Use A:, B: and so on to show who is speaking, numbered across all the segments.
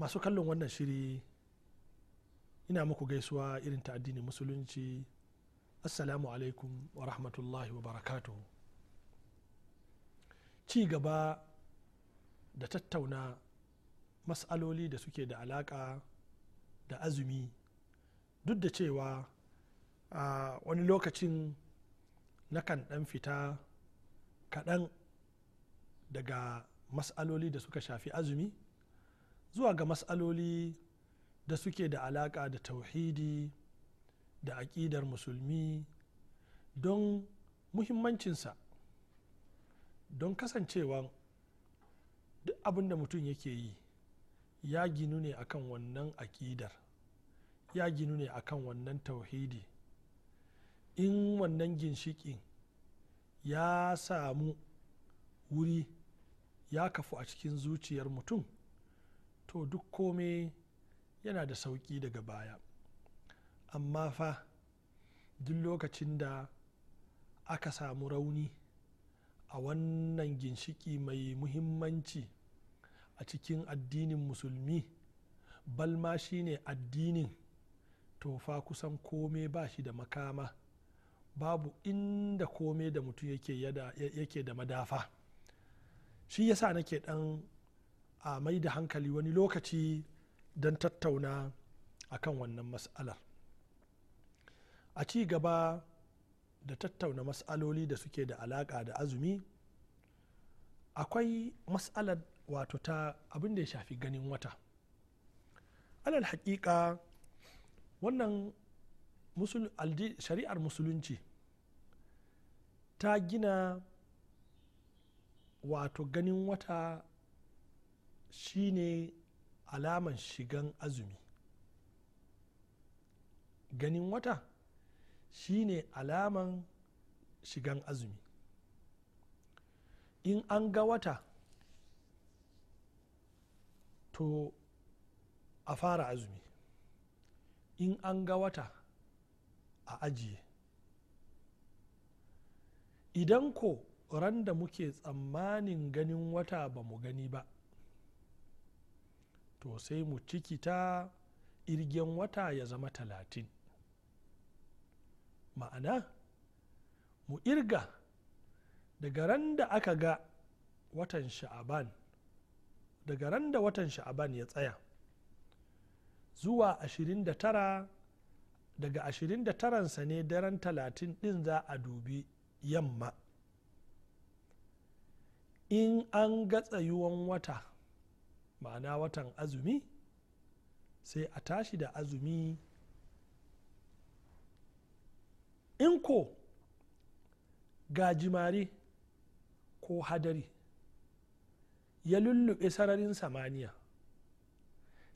A: masu kallon wannan shiri ina muku gaisuwa irin ta addini musulunci assalamu alaikum wa rahmatullahi wa barakatu ci gaba da tattauna matsaloli da suke da alaka da azumi duk da cewa a wani lokacin na kan dan fita kaɗan daga matsaloli da suka shafi azumi zuwa ga matsaloli da suke da alaƙa da tauhidi da aƙidar musulmi don muhimmancinsa don kasancewa duk abin da mutum yake yi ya ginu ne akan wannan aƙidar ya ginu ne akan wannan tauhidi in wannan ginshiƙin ya samu wuri ya kafu a cikin zuciyar mutum to duk kome yana da sauƙi daga baya amma fa duk lokacin da aka samu rauni a wannan ginshiki mai muhimmanci a cikin addinin musulmi balma shi ne addinin to fa kusan kome ba shi da makama babu inda kome da mutum yake da madafa shi yasa nake dan a mai da hankali wani lokaci don tattauna a kan wannan mas'alar a ci gaba da tattauna mas'aloli da suke da alaƙa da azumi akwai mas'alar wato ta abin da ya shafi ganin wata alal haƙiƙa wannan shari'ar musulunci ta gina wato ganin wata Shi ne alaman shigan azumi ganin wata shi ne alaman shigan azumi in an ga wata to a fara azumi in an ga wata a ajiye idan ko randa muke tsammanin ganin wata ba mu gani ba to sai mu ciki ta irgen wata ya zama talatin ma'ana mu irga daga ran da aka ga watan sha'aban daga ran da watan sha'aban ya tsaya zuwa 29 daga 29 ne daren talatin din za a dubi yamma in an ga tsayuwan wata ma'ana watan azumi sai a tashi da azumi in ko gajimare ko hadari ya lulluɓe sararin samaniya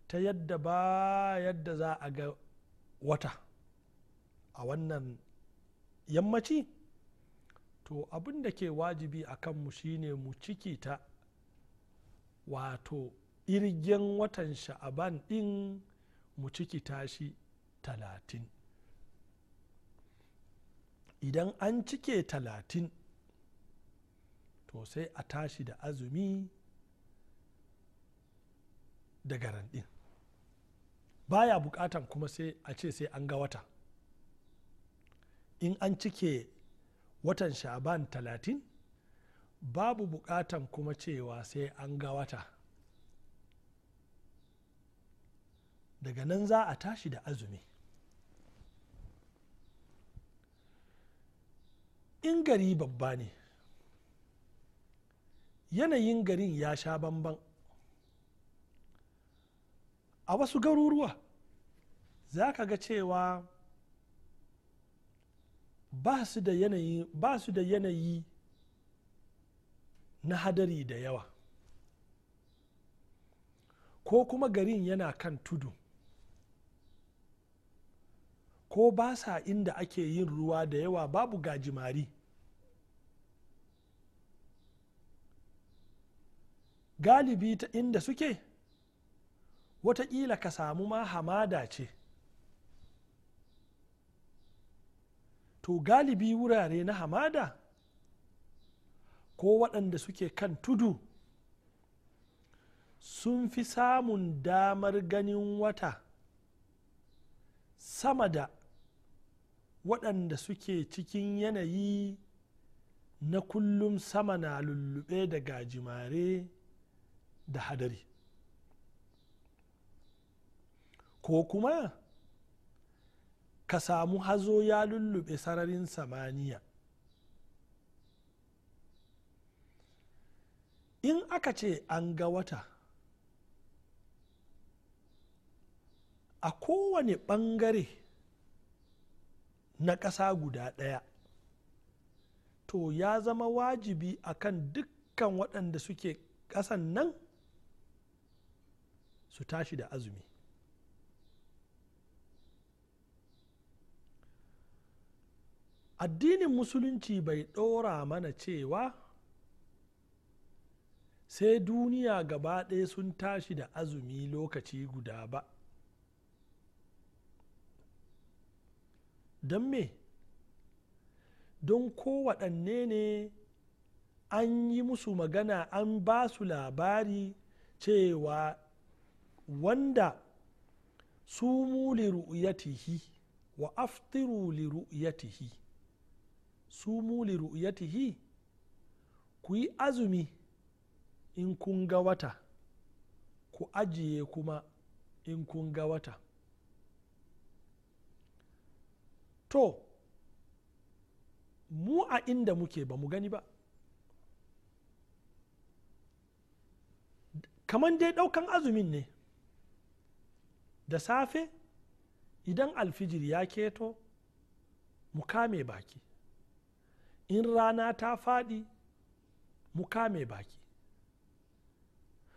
A: ta yadda ba yadda za a ga wata a wannan yammaci to abin da ke wajibi a kanmu shine mu ciki ta wato irgen watan sha'aban din mu ciki tashi talatin idan an cike talatin to sai a tashi da azumi da garan din baya bukatan kuma sai a ce sai an ga wata in an cike watan sha'aban talatin babu bukatan kuma cewa sai an ga wata daga nan za a tashi da azumi in gari babba ne yanayin garin ya sha bamban a wasu garuruwa za ka ga cewa ba su da yanayi ba su da yanayi na hadari da yawa ko kuma garin yana kan tudu ko ba sa inda ake yin ruwa da yawa babu gajimari galibi ta inda suke watakila ka samu ma hamada ce to galibi wurare na hamada ko waɗanda suke kan tudu sun fi samun damar ganin wata sama da waɗanda suke cikin yanayi na kullum sama na lullube da gajimare da hadari ko kuma ka samu hazo ya lullube sararin samaniya in aka ce an ga wata a kowane ɓangare na ƙasa guda ɗaya to ya zama wajibi a kan dukkan waɗanda suke ƙasan nan su tashi da azumi addinin musulunci bai ɗora mana cewa sai duniya gaba ɗaya sun tashi da azumi lokaci guda ba don me don kowaɗanne ne an yi musu magana an ba su labari cewa wanda su li ru'yatihi wa aftiru li ru'yatihi sumu li ru'yatihi ku yi azumi in kun ga wata ku ajiye kuma in kun ga wata to mu a inda muke ba mu gani ba kamar dai ɗaukan azumin ne da safe idan alfijir ya keto mu kame baki in rana ta faɗi mu kame baki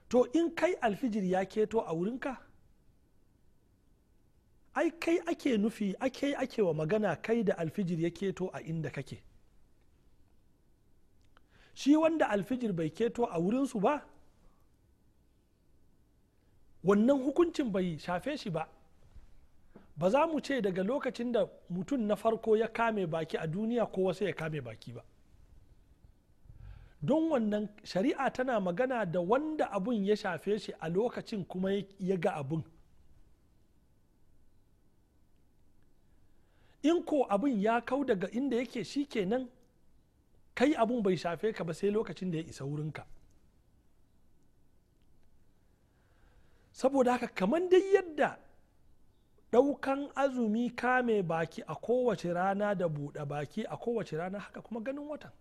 A: to in kai alfijir ya keto a wurinka ai kai ake nufi ake ake wa magana kai da alfijir ya keto a inda kake shi wanda alfijir bai keto a wurinsu ba wannan hukuncin bai shafe shi ba ba za mu ce daga lokacin da mutum na farko ya kame baki a duniya ko wasu ya kame baki ba don wannan shari'a tana magana da wanda abun ya shafe shi a lokacin kuma ya ga abun in ko abin ya kau daga inda yake shi kenan kai abun bai shafe ka ba sai lokacin da ya isa wurinka saboda haka kamar dai yadda ɗaukan azumi kame baki a kowace rana da buɗe baki a kowace rana haka kuma ganin watan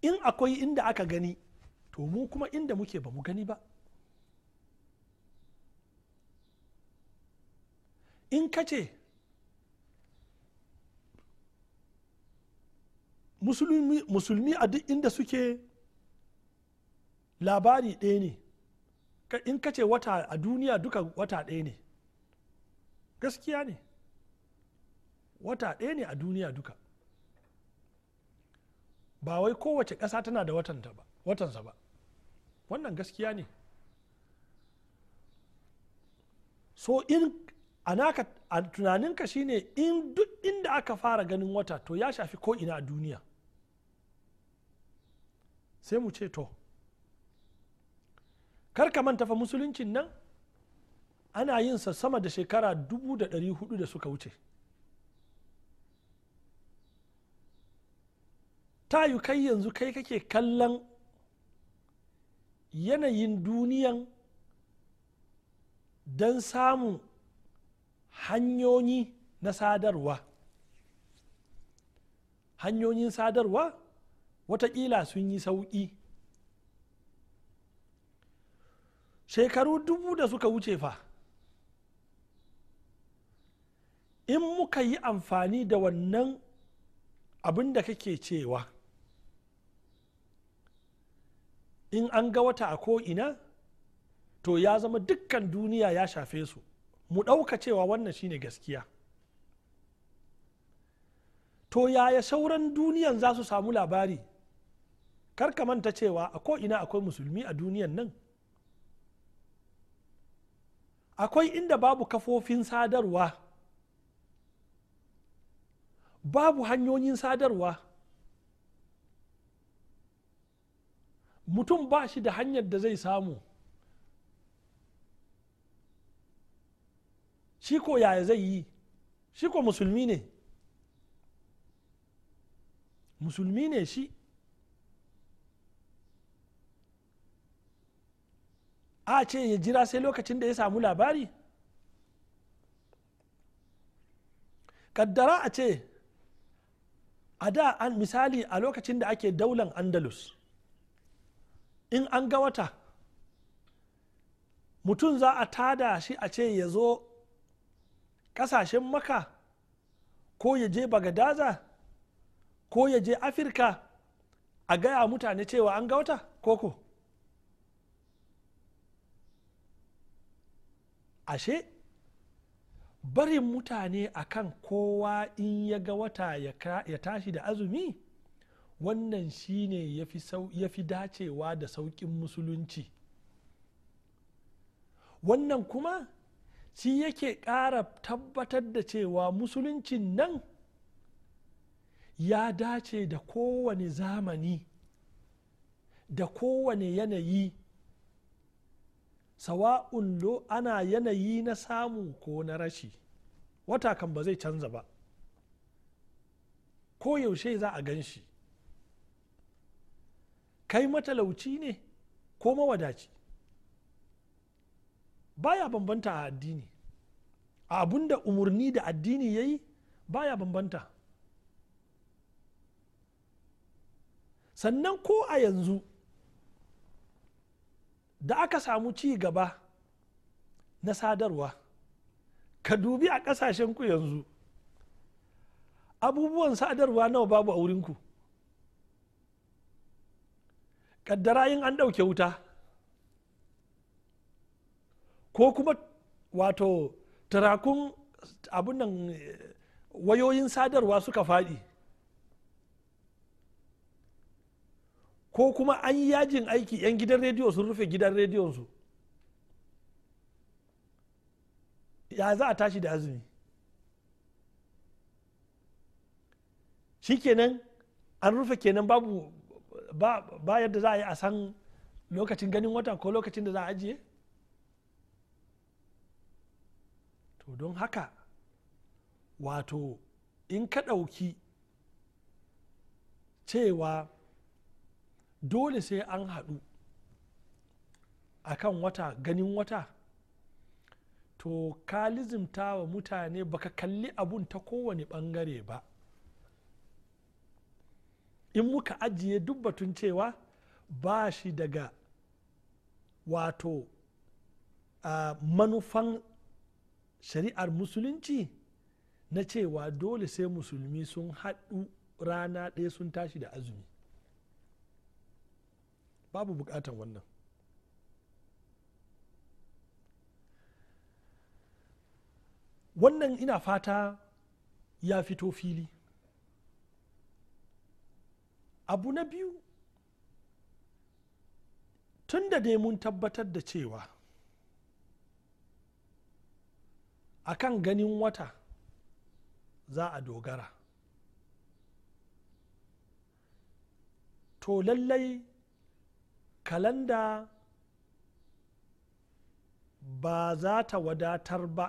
A: in akwai inda aka gani to mu kuma inda muke ba mu gani ba in ka ce musulmi a duk inda suke labari ɗaya ne in ka ce wata a duniya duka wata ɗaya ne gaskiya ne wata ɗaya ne a duniya duka ba wai kowace ƙasa tana da watansa ba wannan gaskiya ne so in a tunaninka shine in duk inda aka fara ganin wata to ya shafi ko ina a duniya sai mu ce to karka manta fa musuluncin nan ana yin sa sama da shekara 1400 da suka wuce ta yi kai yanzu kai kake kallon yanayin duniyan don samun hanyoyi na sadarwa hanyoyin sadarwa watakila sun yi sauƙi shekaru dubu da suka wuce fa in muka yi amfani da wannan abin da kake cewa in an ga wata a ko ina to ya zama dukkan duniya ya shafe su mu ɗauka cewa wannan shine gaskiya to yaya sauran duniyan za su samu labari kar ka manta cewa a ina akwai musulmi a duniyan nan akwai inda babu kafofin sadarwa babu hanyoyin sadarwa mutum ba shi da hanyar da zai samu shi ko yaya zai yi shi ko musulmi ne musulmi ne shi a ce ya jira sai lokacin da ya samu labari kaddara a ce a da misali a lokacin da ake daular andalus in an ga wata mutum za a tada shi a ce ya zo kasashen maka ko ya je bagadaza ko ya je afirka a gaya mutane cewa an gauta koko ashe barin mutane akan kowa in ya ga wata ya tashi da azumi wannan shine ya fi dacewa da sauƙin musulunci wannan kuma shi yake ƙara tabbatar da cewa musuluncin nan ya dace da kowane zamani da kowane yanayi sawa'un lo ana yanayi na samu ko na rashi wata kan ba zai canza ba ko yaushe za a gan shi kai matalauci ne ko mawadaci baya bambanta a addini a abun da umarni da addini ya yi baya bambanta sannan ko a yanzu da aka samu ci gaba na sadarwa ka dubi a ku yanzu abubuwan sadarwa nawa babu a wurinku ƙaddara yin an ɗauke wuta ko kuma wato turakun abunan eh, wayoyin sadarwa suka faɗi ko kuma an yi yajin aiki 'yan gidan rediyo sun rufe gidan rediyonsu ya za a tashi da azumi shi kenan an rufe kenan babu ba, ba yadda za a yi a san lokacin ganin wata ko lokacin da za a ajiye to don haka wato in ka ɗauki cewa dole sai an haɗu a kan wata ganin wata to ka lizimta wa mutane baka kalli abun ta kowane ɓangare ba in muka ajiye duk batun cewa ba shi daga wato uh, manufan shari'ar musulunci na cewa dole sai musulmi sun haɗu rana ɗaya sun tashi da azumi babu buƙatan wannan wannan ina fata ya fito fili abu na biyu tun da dai mun tabbatar da cewa a kan ganin wata za a dogara to lallai kalanda ba za ta wadatar ba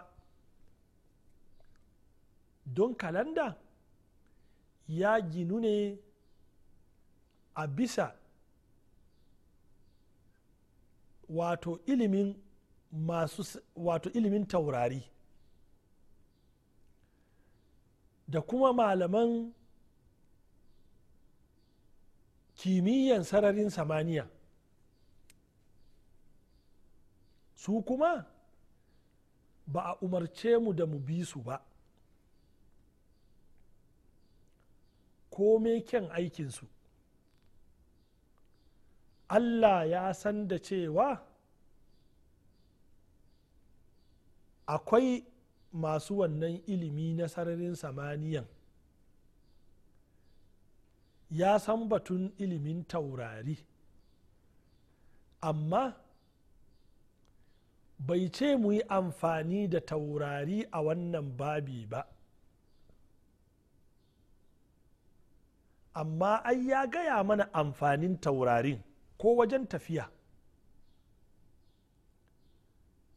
A: don kalanda ya ginu ne a bisa wato ilimin masu wato ilimin taurari da kuma malaman kimiyyan sararin samaniya su kuma ba a umarce mu da mu bi su ba kome kyan aikinsu allah ya san da cewa akwai masu wannan ilimi na sararin samaniyan ya san batun ilimin taurari amma bai ce mu yi amfani da taurari a wannan babi ba amma ai ya gaya mana amfanin taurarin ko wajen tafiya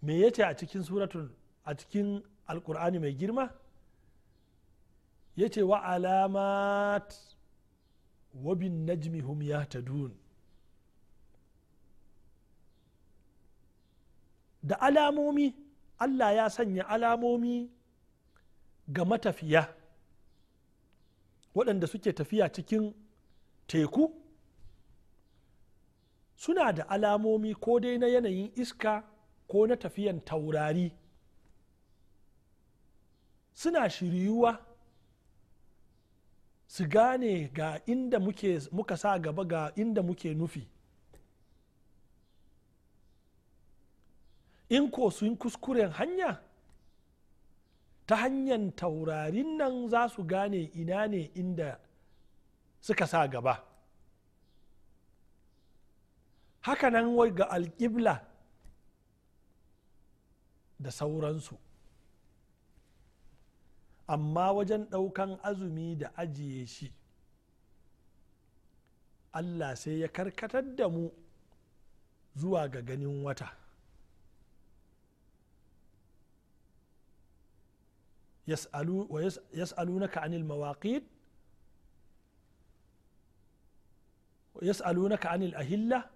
A: me ya ce a cikin suratun a cikin alkur'ani mai girma ya ce wa alamat wabin najmi hum ya da alamomi allah ya sanya alamomi ga matafiya waɗanda suke tafiya cikin teku suna da alamomi ko dai na yanayin iska ko na tafiyan taurari suna shiryuwa su gane ga inda muke, muka sa gaba ga inda muke nufi in ko sun kuskuren hanya ta hanyar taurarin nan za su gane ina ne inda suka sa gaba hakanan wai ga alƙibla da sauransu amma wajen ɗaukan azumi da ajiye shi allah sai ya karkatar da mu zuwa ga ganin wata yas'alunaka anil mawaqit yas'alunaka anil ahilla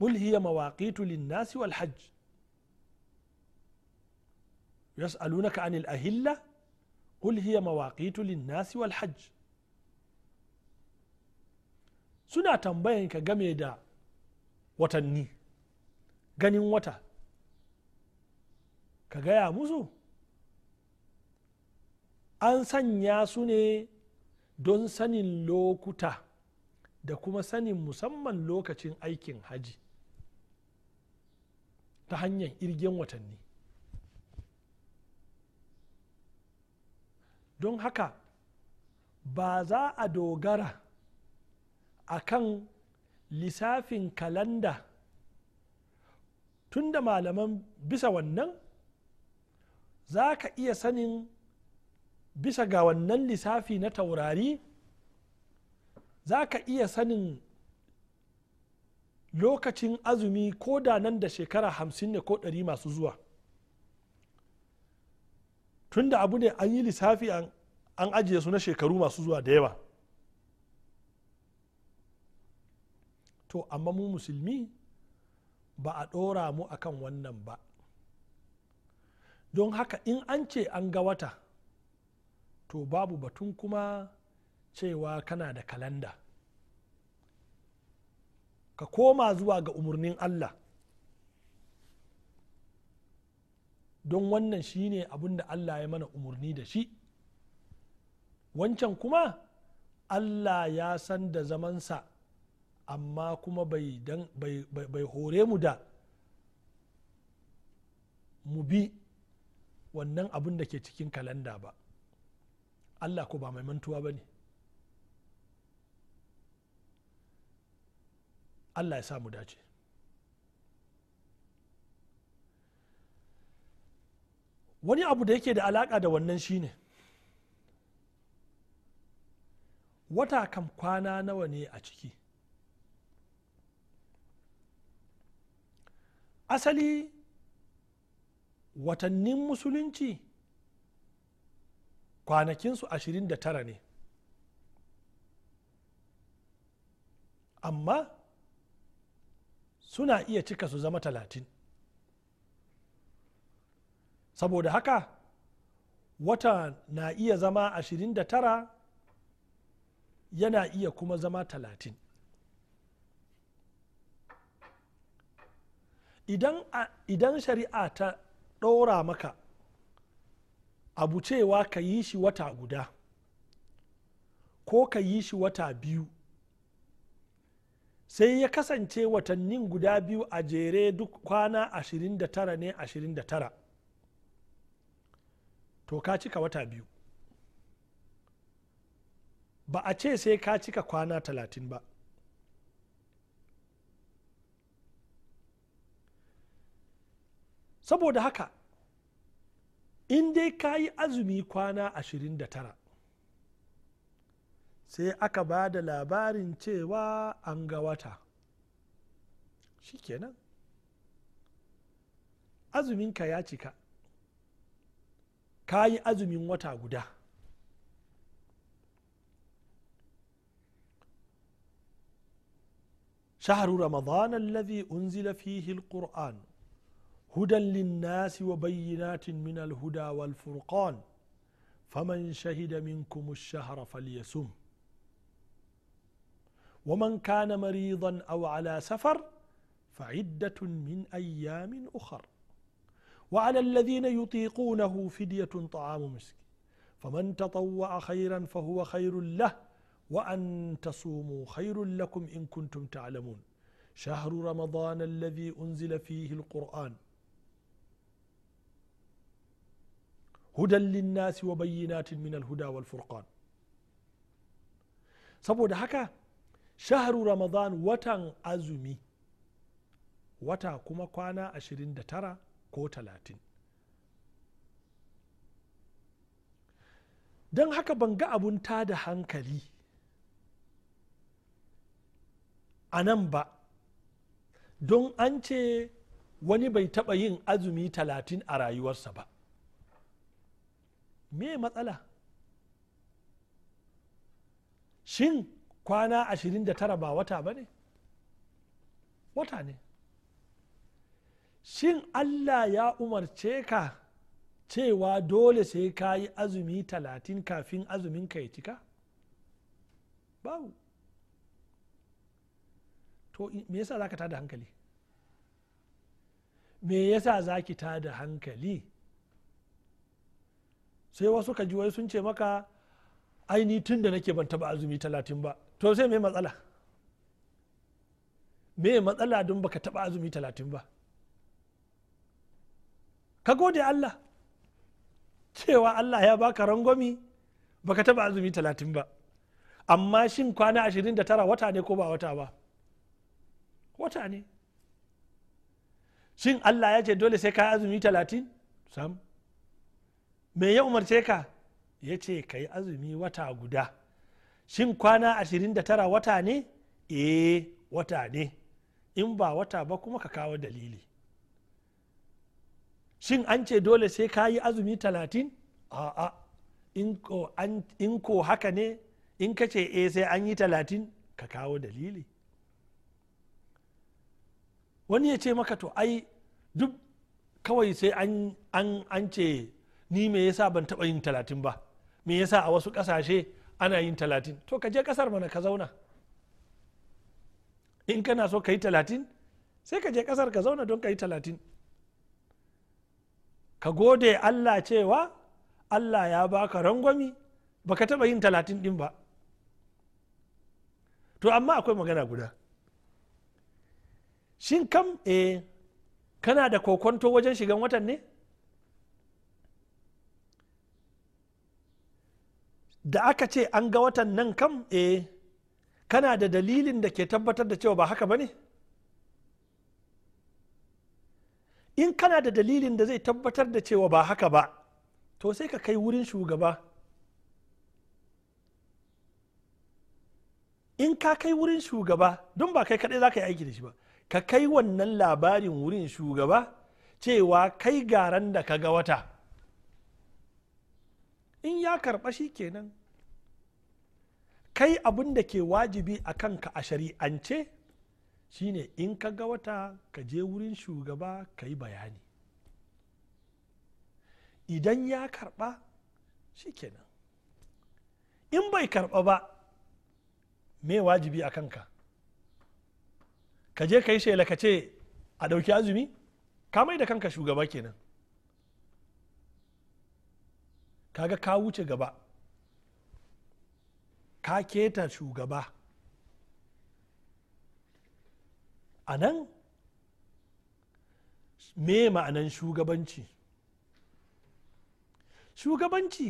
A: قل هي مواقيت للناس والحج yas'alunaka anil ahilla qul hiya mawaqitu lin-nasi wal hajj suna tambayanka game da watanni ganin wata ka gaya musu an sanya su ne don sanin lokuta da kuma sanin musamman lokacin aikin hajji. ta hanyar irgen watanni don haka ba za a dogara a kan lissafin kalanda tun da malaman bisa wannan za ka iya sanin bisa ga wannan lissafi na taurari za ka iya sanin lokacin azumi ko da nan da shekara hamsin ne ko ɗari masu zuwa tun da abu ne an yi lissafi an ajiye su na shekaru masu zuwa da yawa to amma mu musulmi ba a ɗora mu akan wannan ba don haka in an ce an ga wata to babu batun kuma cewa kana da kalanda ka koma zuwa ga umarnin allah don wannan shine abin da allah ya mana umarni da shi wancan kuma allah ya san da zamansa amma kuma bai hore mu da mu bi wannan abin da ke cikin kalanda ba allah ko ba mai mantuwa ba ne allah ya sa mu dace wani abu da yake da alaka da wannan shine wata kam kwana nawa ne a ciki asali watannin musulunci kwanakinsu 29 ne amma suna iya cika su zama talatin saboda haka wata na iya zama 29 yana iya kuma zama 30 idan shari'a ta ɗora maka abu cewa ka yi shi wata guda ko ka yi shi wata biyu sai ya kasance watannin guda biyu a jere duk kwana 29 ne 29 to ka cika wata biyu ba a ce sai ka cika kwana talatin ba saboda haka in dai ka yi azumi kwana ashirin da tara sai aka ba da labarin cewa an ga wata shikenan azuminka ya cika ka azumin wata guda شهر رمضان الذي أنزل فيه القرآن هدى للناس وبينات من الهدى والفرقان فمن شهد منكم الشهر فليسم ومن كان مريضا أو على سفر فعدة من أيام أخر وعلى الذين يطيقونه فدية طعام مسكين فمن تطوع خيرا فهو خير له وأن تصوموا خير لكم إن كنتم تعلمون شهر رمضان الذي أنزل فيه القرآن هدى للناس وبينات من الهدى والفرقان saboda haka رمضان ramadan watan azumi wata kuma kwana 29 ko talatin don haka ban ga abun tada hankali a nan ba don an ce wani bai taɓa yin azumi talatin a rayuwarsa ba me matsala shin kwana ashirin da tara ba wata ba ne wata ne shin allah ya umarce ka cewa dole sai ka yi azumi talatin kafin azumin ka ya cika babu to me yasa za ka tada hankali me yasa za ki tada hankali sai wasu ka wai sun ce maka aini tun da nake ban taba azumi talatin ba to sai me matsala me matsala don baka taba azumi talatin ba ka gode Allah cewa Allah ya baka rangwami baka taba azumi talatin ba amma shin kwana ashirin da tara wata ne ko ba wata ba wata ne shin Allah ya ce dole sai ka azumi talatin sam me ya umarce ka ya ce ka yi azumi wata guda shin kwana ashirin da tara wata ne eh wata ne in ba wata ba kuma ka kawo dalili shin an ce dole sai ka yi azumi talatin a'a in ko haka ne in ka ce e sai an yi talatin ka kawo dalili wani ya ce maka to ai duk kawai sai an ce ni me yasa ban taɓa yin talatin ba me yasa a wasu ƙasashe ana yin talatin to ka je ƙasar mana ka zauna in kana so ka yi talatin sai ka je ƙasar ka zauna don ka yi talatin ka gode allah cewa allah ya baka rangwami baka taba yin talatin din ba to amma akwai magana guda shin kam eh kana da kokonto wajen shigan watan ne da aka ce an ga watan nan kam eh kana da dalilin da ke tabbatar da cewa ba haka ba ne in kana da dalilin da zai tabbatar da cewa ba haka ba to sai ka kai wurin shugaba in ka kai wurin shugaba don ba kai kaɗai za ka yi aiki da shi ba ka kai wannan labarin wurin shugaba cewa kai garan da ka ga wata in ya karɓa shi kenan kai abin da ke wajibi a kanka a shari'ance shine in ka ga wata ka je wurin shugaba ka yi bayani idan ya karba shikenan in bai karba ba me wajibi a kanka ka je ka yi shela ka ce a ɗauki azumi ka mai da kanka shugaba kenan kaga ka wuce gaba ka keta shugaba a nan me ma'anan shugabanci shugabanci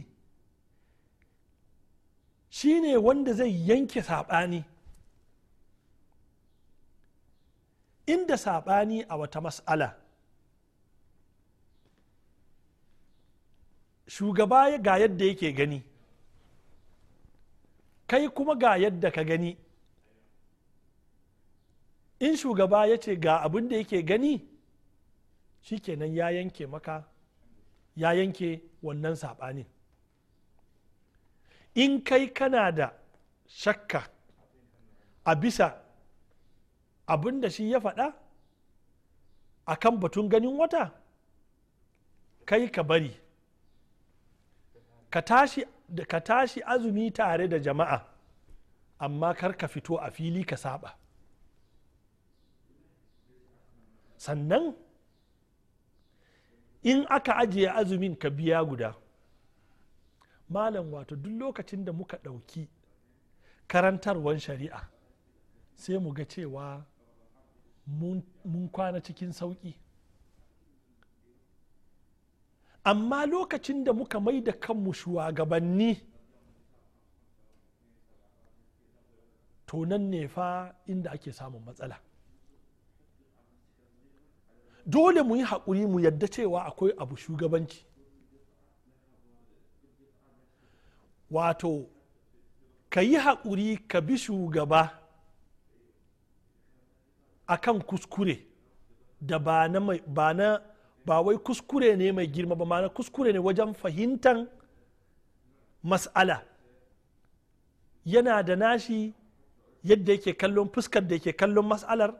A: shi ne wanda zai yanke saɓani inda saɓani a wata mas'ala shugaba ga yadda yake gani kai kuma ga yadda ka gani in shugaba ya ce ga abin da yake gani shikenan ya yanke maka ya yanke wannan saɓanin in kai kana da shakka a bisa abin da shi ya faɗa a kan batun ganin wata kai ka bari ka ka tashi azumi tare da jama'a amma kar ka fito a fili ka saba sannan in aka ajiye azumin ka biya guda malam wato duk lokacin da muka ɗauki karantarwar shari'a sai mu ga cewa mun kwana cikin sauƙi amma lokacin da muka mai da kanmu shugabanni to nan ne fa inda ake samun matsala dole mu yi haƙuri mu yadda cewa akwai abu shugabanci wato ka yi haƙuri ka bi shugaba a kan kuskure da ba na ba wai kuskure ne mai girma ba ma'ana kuskure ne wajen fahimtar mas'ala yana da nashi yadda yake kallon fuskar da yake kallon mas'alar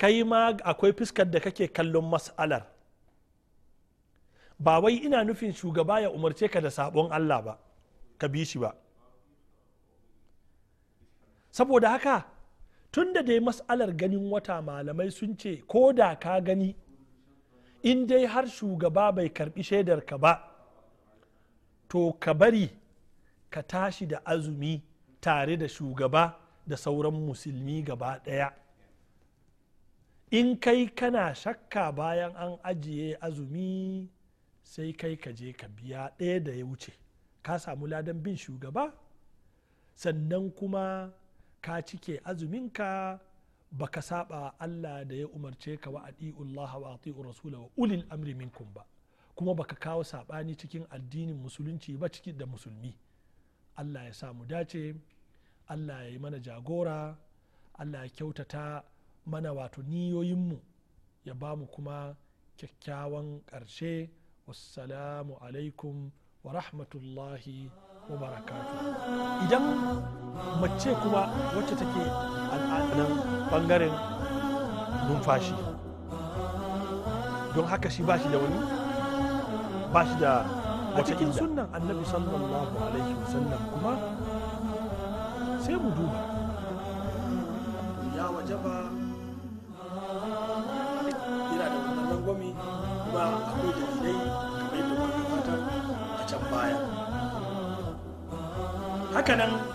A: kai ma akwai fuskar da kake kallon mas'alar ba wai ina nufin shugaba ya umarce ka da sabon Allah ba ka bi shi ba saboda haka tun da dai mas'alar ganin wata malamai sun ce ko da ka gani in dai har shugaba bai karbi shaidar ka ba to ka bari ka tashi da azumi tare da shugaba da sauran musulmi gaba ɗaya in kai kana shakka bayan an ajiye azumi sai kai ka je ka biya ɗaya da ya wuce ka samu ladan bin shugaba sannan kuma ka cike azuminka baka saba Allah da ya umarce ka wa Allah wa ati'ur rasula wa ulil amri minkum ba kuma baka kawo sabani cikin addinin musulunci ba ciki da musulmi Allah ya samu dace Allah ya yi mana jagora Allah ya kyautata mana wato niyoyinmu ya ba mu kuma kyakkyawan ƙarshe wassalamu alaikum wa rahmatullahi wa barakatu idan mace kuma wacce take al'adunan bangaren numfashi don haka shi bashi da wani bashi shi da wata cikin sunan annabi sallallahu alaihi wasallam kuma sai mu duba kanang